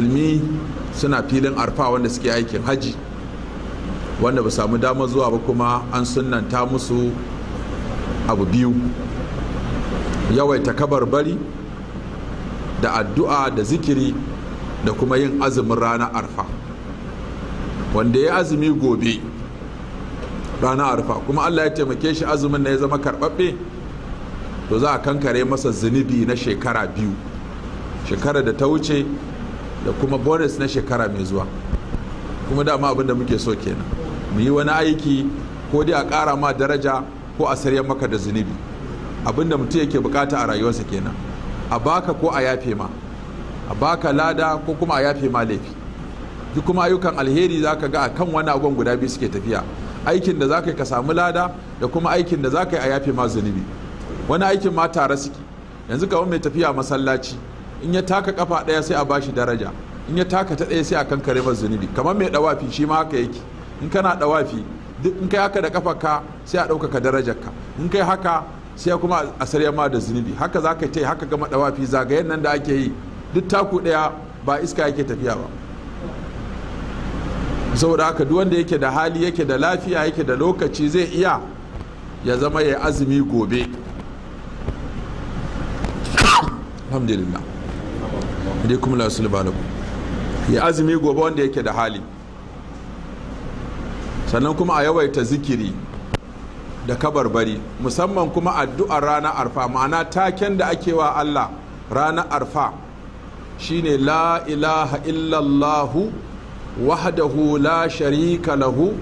musulmi suna filin arfa wanda suke aikin haji wanda ba samu damar zuwa ba kuma an sunanta musu abu biyu yawaita kabar bari da addu'a da zikiri da kuma yin azumin ranar arfa wanda ya azumi gobe ranar arfa kuma allah ya taimake shi azumin na ya zama karbabbe to za a kankare masa zunubi na shekara biyu shekara da ta wuce da kuma bonus na shekara mai zuwa kuma dama abin da muke so kenan mu yi wani aiki ko dai a ƙara ma daraja ko a sarya maka da zunubi abin da mutum yake bukata a rayuwarsa kenan a baka ko a yafe ma a baka lada ko kuma a yafe ma laifi duk kuma ayyukan alheri za ka ga a kan wani agon guda biyu suke tafiya aikin da za ka yi ka samu lada da kuma aikin da za ka yi a yafe ma zunubi wani aikin ma tare suke yanzu kawai mai tafiya masallaci in ya taka kafa ɗaya sai a bashi daraja in ya taka ta daya sai a kankare masa zunubi kamar mai dawafi shi ma haka yake in kana dawafi duk in kai haka da kafa ka sai a ɗaukaka darajar ka in kai haka sai kuma a sarya ma da zunubi haka za ka yi haka gama dawafi zagayen nan da ake yi duk taku ɗaya ba iska yake tafiya ba saboda haka duk wanda yake da hali yake da lafiya yake da lokaci zai iya ya zama ya azumi gobe alhamdulillah dai kuma la ya azumi gobe wanda yake da hali sannan kuma a yawaita zikiri da kabarbari musamman kuma addu'ar rana arfa ma'ana taken da ake wa Allah rana arfa shine la ilaha illallahu wahdahu la sharika lahu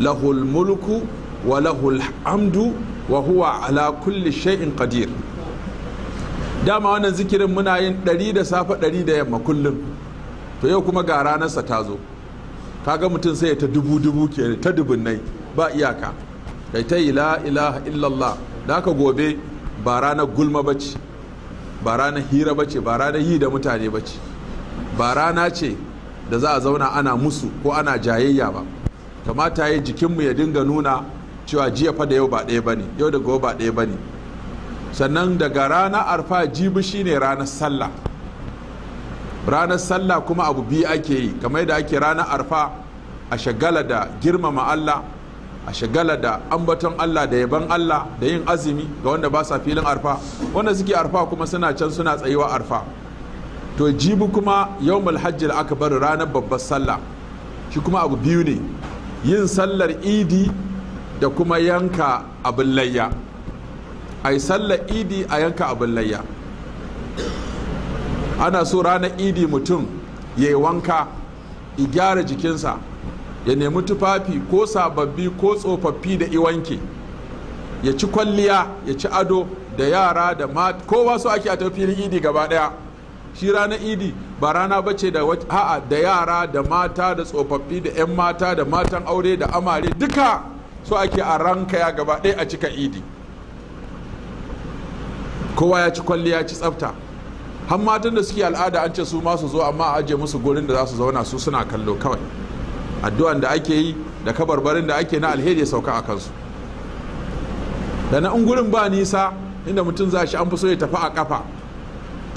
lahul mulku wa lahul hamdu wa huwa ala kulli shay'in qadir dama wannan zikirin muna yin ɗari da safe ɗari da yamma kullum to yau kuma ga ranarsa ta zo kaga mutum sai ta dubu dubu ke ta dubunnai ba iyaka kai ta ila ilaha illallah da aka gobe ba ranar gulma ba ce ba ranar hira ba ce ba ranar yi da mutane ba ce ba rana ce da za a zauna ana musu ko ana jayayya ba kamata ya jikinmu ya dinga nuna cewa jiya fa da yau ba ɗaya ba ne yau da gobe ba ɗaya ba ne. sannan daga ranar arfa jibi shine ranar sallah ranar sallah kuma abu biyu ake yi kamar da ake ranar arfa a shagala da girmama Allah a shagala da ambaton Allah da yaban Allah da yin azumi ga wanda ba sa filin arfa wanda suke arfa kuma suna can suna tsayuwa arfa to jibi kuma yau da aka bari ranar babbar sallah shi kuma abu biyu ne yin sallar idi da kuma yanka abin layya a yi sallar idi a yanka abin layya ana so ranar idi mutum ya yi wanka ya gyara jikinsa ya nemi tufafi ko sababbi ko tsofaffi da iwanke ya ci kwalliya ya ci ado da yara da kowa su ake a tafiyar idi gaba daya shi ranar idi ba rana ba ce da ha'a da yara da mata da tsofaffi da 'yan mata da matan aure da amare duka su ake a ranka ya gaba daya a cika idi kowa ya ci kwalli ya ci tsafta har matan da suke al'ada an ce su ma su zo amma a aje musu gurin da za su zauna su suna kallo kawai addu'an da ake yi da kabarbarin da ake na alheri ya sauka a kansu da na ungurin ba nisa inda mutum za shi an fi so ya tafi a kafa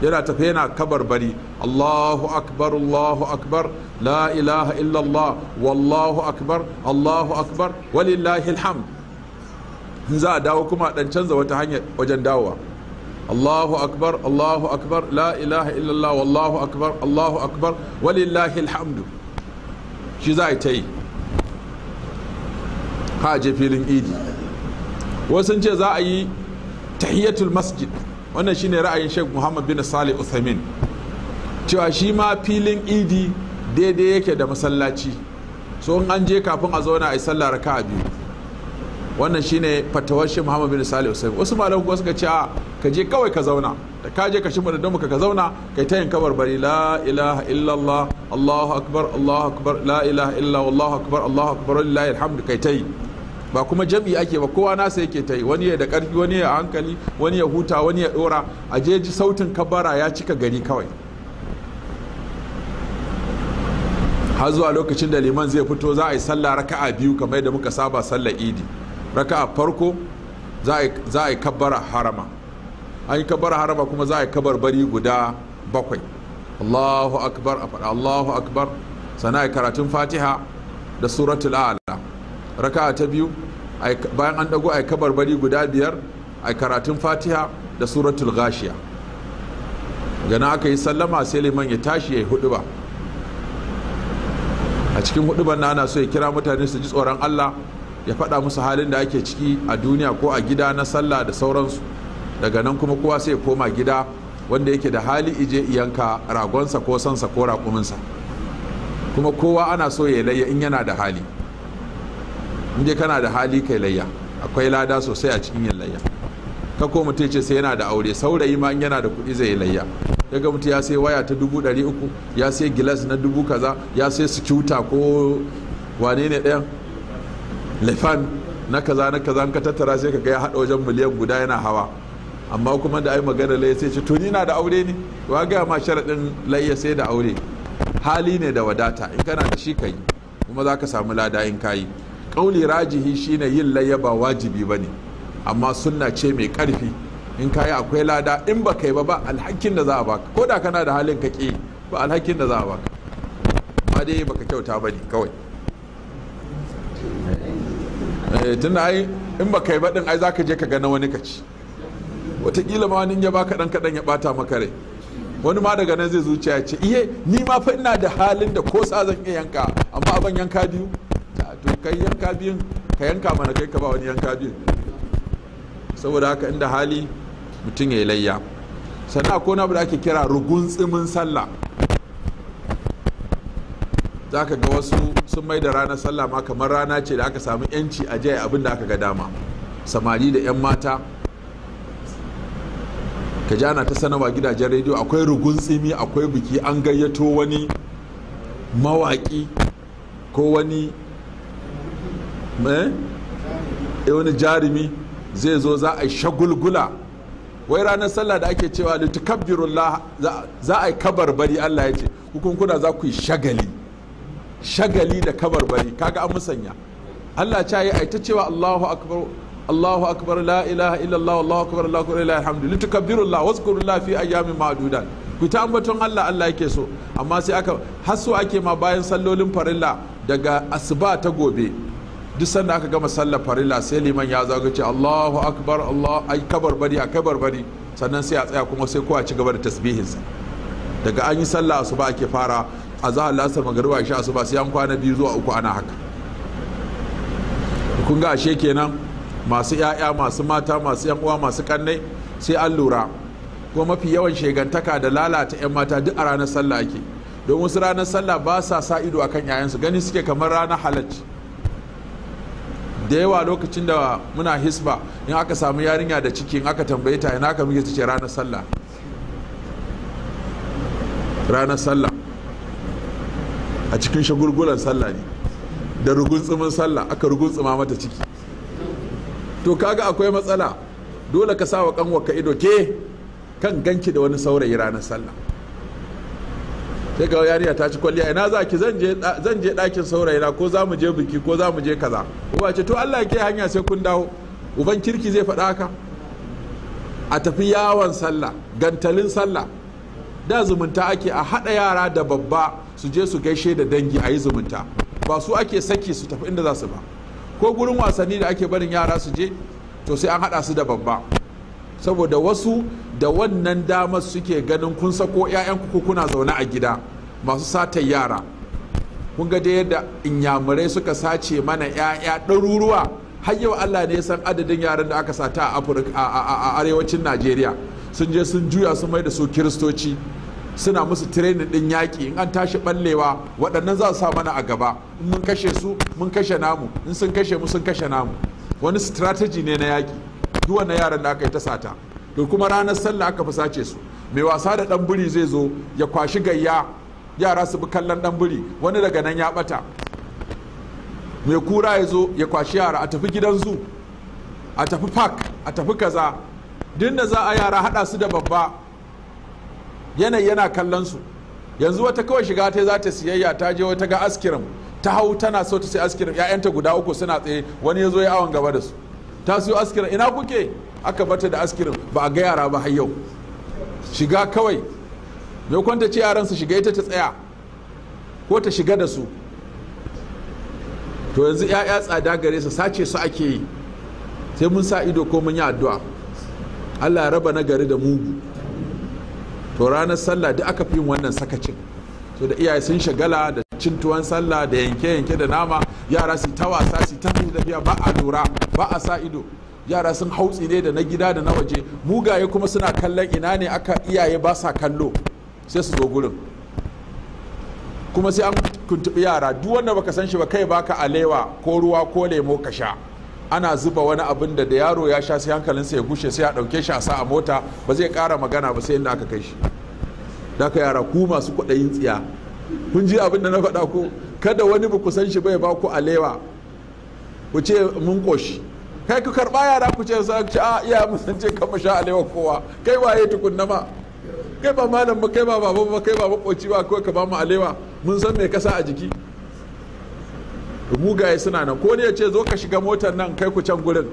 yana tafi yana kabarbari Allahu akbar Allahu akbar la ilaha illallah wallahu akbar Allahu akbar walillahi alhamd in za a dawo kuma dan canza wata hanya wajen dawowa الله akbar الله akbar la ilaha illallah الله akbar أكبر akbar أكبر alhamdu shi za a ta yi ha je filin idi wasu ce za a yi tahiyatul masjid wannan shine ra'ayin Sheikh Muhammad bin cewa shi ma filin idi daidai yake da masallaci so in an je kafin a zauna a yi sallah raka'a biyu wannan shine fatawar shi Muhammad bin Salih Uthamin wasu malamu suka ce a ka je kawai ka zauna da ka je ka da don ka zauna kai ta yin kabar bari la ilaha illallah allahu akbar allahu akbar la ilaha illallah allahu akbar allahu akbar lillahi alhamdu kai ta yi ba kuma jam'i ake ba kowa nasa yake ta yi wani ya da karfi wani ya hankali wani ya huta wani ya dora a je ji sautin kabara ya cika gari kawai har zuwa lokacin da liman zai fito za a yi sallah raka'a biyu kamar da muka saba sallar idi raka'a farko za a yi kabbara harama an yi kabar haraba kuma za a yi kabar bari guda bakwai allahu akbar a faɗa allahu akbar sana a karatun fatiha da suratul ala raka ta biyu bayan an dago a yi kabar bari guda biyar a karatun fatiha da suratul gashiya gana aka yi sallama sai liman ya tashi ya yi hudu ba a cikin hudu na so ya kira mutane su ji tsoron allah ya faɗa musu halin da ake ciki a duniya ko a gida na sallah da sauransu daga nan kuma kowa sai koma gida wanda yake da hali ije iyanka ragonsa ko sansa ko raƙuminsa kuma kowa ana so ya layya in yana da hali in dai kana da hali kai layya akwai lada sosai a cikin yin layya ka ko mutum ce sai yana da aure saurayi ma in yana da kuɗi zai layya daga mutum ya sai waya ta dubu ɗari uku ya sai gilas na dubu kaza ya sai sikiuta ko wane ne ɗayan lefan na kaza na kaza ka tattara sai ka ga ya haɗa wajen miliyan guda yana hawa amma kuma da ai magana layya sai ce to ni na da aure ne wa ga ma sharadin layya sai da aure hali ne da wadata in kana da shi kai kuma zaka samu lada in kai kauli rajihi shine yin layya ba wajibi bane amma sunna ce mai karfi in kai akwai lada in ba kai ba ba alhakin da za a baka ko da kana da halin ka ki ba alhakin da za a baka ba dai baka kyauta ne kawai eh, tunda ai in ba kai ba din ai zaka je ka ga na wani kaci watakila ma wani ya baka dan kadan ya bata maka rai wani ma daga nan zai zuciya ce iye ni ma fa ina da halin da ko sa zan iya yanka amma aban yanka biyu to kai yanka biyun ka yanka mana kai ka ba wani yanka biyun saboda haka inda hali mutum ya yi layya sannan akwai wani abu da ake kira rugun tsimin sallah za ka ga wasu sun mai da ranar sallah ma kamar rana ce da aka samu yanci a jaya abin da aka ga dama samari da 'yan mata ka ji ana ta sanarwa gidajen rediyo akwai rugun tsimi akwai biki an gayyato wani mawaƙi ko wani eh, eh wani jarumi zai zo za a yi shagulgula wai ranar sallah da ake cewa litukabbirullah za a yi bari Allah ya ce hukunkuna za ku yi shagali shagali da kabar bari kaga an musanya Allah ya yi ta cewa Allahu akbar Allahu akbar la ilaha illallah Allahu akbar la ilaha alhamdu litukabbirullahi wazkurullahi fi ayyamin ma'dudat ku ta ambaton Allah Allah yake so amma sai aka so ake ma bayan sallolin farilla daga asuba ta gobe duk sanda aka gama sallar farilla sai liman ya zaga ce Allahu akbar Allah ai kabar bari a kabar bari sannan sai a tsaya kuma sai kowa ci gaba da tasbihinsa daga an yi sallah asuba ake fara a zahar lasar magariba shi asuba sai an kwana biyu zuwa uku ana haka kun ga ashe kenan masu 'ya'ya masu mata masu yan uwa masu kannai sai an lura ko mafi yawan shegantaka da lalata 'yan mata duk a ranar sallah ake domin su ranar sallah ba sa sa ido kan 'ya'yansu gani suke kamar ranar halacci da yawa lokacin da muna hisba in aka samu yarinya da ciki in aka tambaye ta ina aka muke ce ranar sallah ranar sallah a cikin shagulgulan sallah ne da rugun tsumin sallah aka rugun tsuma mata ciki to kaga akwai matsala dole ka sawa kanwarka ido ke kan ganki da wani saurayi ranar sallah sai ga yariya ta ci kwalliya ina za ki zan je ɗakin saurayi na ko za mu je biki ko za mu je kaza uba ce to Allah ke hanya sai kun dawo uban kirki zai faɗa ka a tafi yawon sallah gantalin sallah da zumunta ake a haɗa yara da babba su je su gaishe da dangi a yi zumunta ba su ake saki su tafi inda za su ba ko gurin wasanni da ake barin yara su je to sai an haɗa su da babba saboda wasu da wannan damar suke ganin kun sako yayan kuna zaune a gida masu satar yara kun ga dai yadda inyamurai suka sace mana 'ya'ya ɗaruruwa har yau allah ne ya san adadin yaran da aka sata a arewacin najeriya sun je sun juya su mai da su kiristoci suna musu training ɗin yaƙi in an tashi ɓallewa waɗannan za su sa mana a gaba in mun kashe su mun kashe namu in sun kashe mu sun kashe namu wani strategy ne na yaƙi duk wannan yaran da aka yi ta sata to kuma ranar sallah aka fi sace su mai wasa da ɗan buri zai zo ya kwashi gayya yara su bi kallon ɗan buri wani daga nan ya bata mai kura ya zo ya kwashi yara a tafi gidan zu a tafi park a tafi kaza duk da za a yara hada su da babba yanayi yana kallon su yanzu wata kawai shiga ta za ta siyayya ta je wata ga askirim ta hau tana so ta sai askirim ya'yanta guda uku suna tsaye wani ya zo ya awon gaba da su ta siyo askirim ina kuke aka bata da askirim ba a ga yara ba har yau shiga kawai me kwanta ce yaran su shiga ita ta tsaya ko ta shiga da su to yanzu ya'ya tsada gare su sace su ake yi sai mun sa ido ko mun yi addu'a Allah ya raba na gari da mugu to ranar sallah duk aka fi yin wannan sakacin to da iyaye sun shagala da cin tuwon sallah da yanke-yanke da nama yara su ta wasa su ta tafiya ba a lura ba a sa ido yara sun hautsi ne da na gida da na waje mugaye kuma suna kallon ina ne aka iyaye ba sa kallo sai su zo gurin kuma sai an tuntubi yara duk wanda baka san shi ba kai baka alewa ko ruwa ko lemo ka sha ana zuba wani abin da yaro ya sha sai hankalinsa ya gushe sai a ɗauke shi a sa a mota ba zai ƙara magana ba sai inda aka kai shi da aka yara ku masu kwaɗayin tsiya kun ji abin da na faɗa ku kada wani ba ku san shi bai ba ku alewa ku ce mun ƙoshi kai ku karɓa yara ku ce sa ce a ah, iya musan ce kan sha alewa kowa kai waye tukunna ma kai ba malam ba kai ba baba ba kai ba makoci ba kai ka ba mu alewa mun san me kasa a jiki mugaye suna nan ko ne ya ce zo ka shiga motar nan kai ku can gurin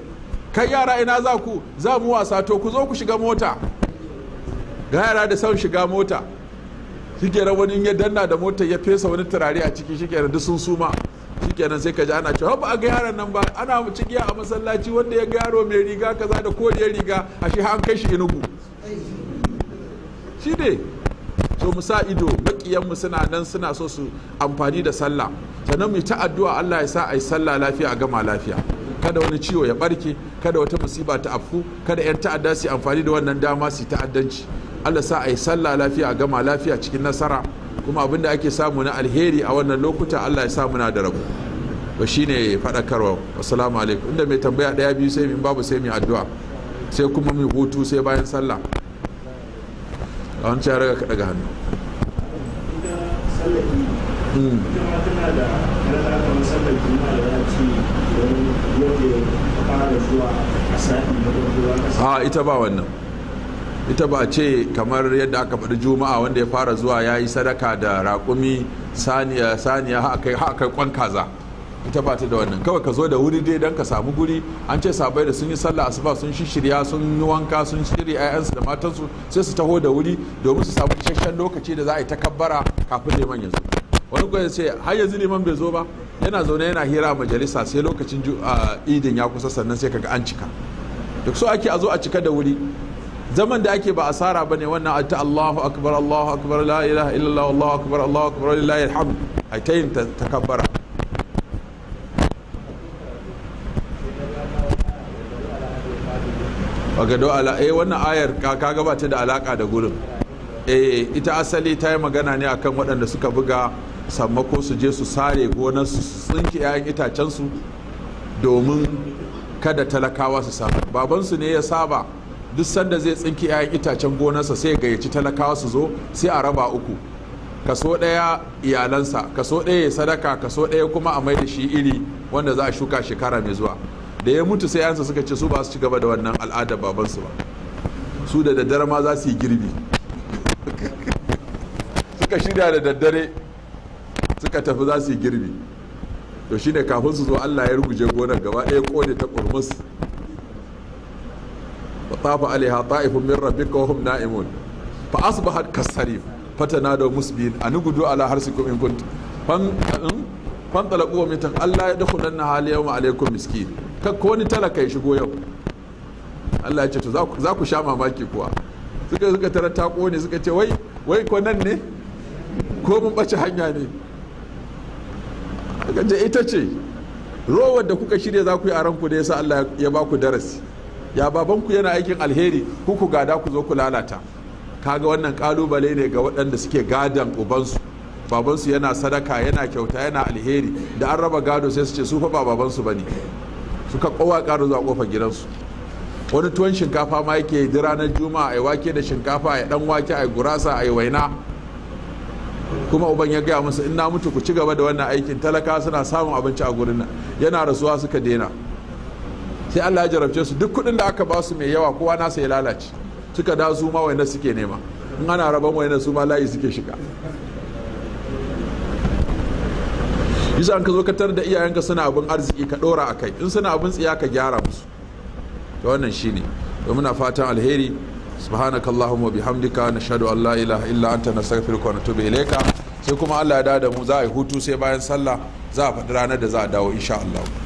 kai yara ina za ku za mu wasa to ku zo ku shiga mota ga yara da son shiga mota shikenan wani ya danna da motar ya fesa wani turare a ciki shikenan duk sun suma shikenan sai ka ji ana cewa ba a ga yaran nan ba ana cikiya a masallaci wanda ya ga yaro mai riga kaza da koriyar riga a shi an kai shi inugu shi ne to mu sa ido makiyanmu suna nan suna so su amfani da sallah sannan mu ta addu'a Allah ya sa a sallah lafiya a gama lafiya kada wani ciwo ya barke kada wata musiba ta afku kada yan ta'adda su amfani da wannan dama su ta'addanci Allah sa ai sallah lafiya a gama lafiya cikin nasara kuma abin da ake samu na alheri a wannan lokuta Allah ya sa muna da rabu to shine faɗakarwa assalamu alaikum inda mai tambaya daya biyu sai min babu sai mu addu'a sai kuma mu hutu sai bayan sallah a wancan ya raga ka daga hannu Hmm. a ah, ita ba wannan ita ba ce kamar yadda aka faɗi juma'a wanda ya fara zuwa ya yi sadaka da raƙumi saniya haka kwan kaza ita ba ta da wannan kawai ka zo da wuri dai don ka samu guri an ce sabai da sun yi sallah asuba sun shirya sun yi wanka sun shirya 'ya'yansu da matansu sai su taho da wuri domin su samu isasshen lokaci da za a yi takabbara kafin neman yanzu wani kuwa ce har yanzu neman bai zo ba yana zaune yana hira a majalisa sai lokacin idin ya kusa sannan sai kaga an cika duk so ake a zo a cika da wuri zaman da ake ba asara bane wannan ta Allahu akbar Allahu akbar la ilaha illallah Allahu akbar Allahu akbar lillahi alhamd ai tayin takabbara bagado ala eh wannan ayar ka gabata da alaka da gurin eh ita asali ta yi magana ne akan waɗanda suka buga sammako su je su sare gonarsu su tsinke 'ya'yan itacensu domin kada talakawa su saba babansu ne ya saba duk sanda zai tsinke 'ya'yan itacen gonarsa sai gayyaci talakawa su zo sai a raba uku kaso ɗaya iyalansa kaso ɗaya ya sadaka kaso ɗaya kuma a mai da shi iri wanda za a shuka shekara mai zuwa da ya mutu sai yansa suka ce su ba su ci gaba da wannan al'adar babansu ba su da daddare ma za su yi girbi suka shirya da daddare suka tafi za su yi girbi to shi ne kafin su zo allah ya ruguje gonar gaba ɗaya kone ta ƙurmus ba tsafa alaiha ta'ifun min rabbika wahum na'imun fa asbahat Fata na da a anugudu ala harsikum in kunt fan hmm? fan talaqu wa mitak allah ya nan na hali yawma alaikum miskin ka ko ni talaka ya shigo yau allah ya ce to za ku sha mamaki kuwa suka suka tarar ta kone suka ce wai ko nan ne ko mun ɓace hanya ne suka ita ce rowar da kuka shirya za ku yi a ranku da yasa Allah ya ba ku darasi ya babanku yana aikin alheri ku ku gada ku zo ku lalata kaga wannan kalubale ne ga waɗanda suke gadan ubansu babansu yana sadaka yana kyauta yana alheri da an raba gado sai su ce su fa ba babansu bane suka kowa karu zuwa kofar gidansu wani tuwon shinkafa ma yake yi ranar juma'a a wake da shinkafa a dan wake a gurasa a waina kuma uban ya gaya musu in na mutu ku ci gaba da wannan aikin talaka suna samun abinci a gurin nan yana rasuwa suka daina sai Allah ya jarabce su duk kudin da aka ba su mai yawa kowa nasa ya lalace suka da su ma wanda suke nema in ana rabon wanda su ma layi suke shiga yasa an ka zo ka da iyayenka suna abin arziki ka ɗora akai in suna abin tsiya ka gyara musu ta wannan shine to muna fatan alheri subhanakallahumma bihamdika nashhadu an la ilaha illa na nastaghfiruka wa natubu ilayka sai kuma Allah ya da mu za a yi hutu sai bayan sallah za a faɗi ranar da za a dawo insha allahu.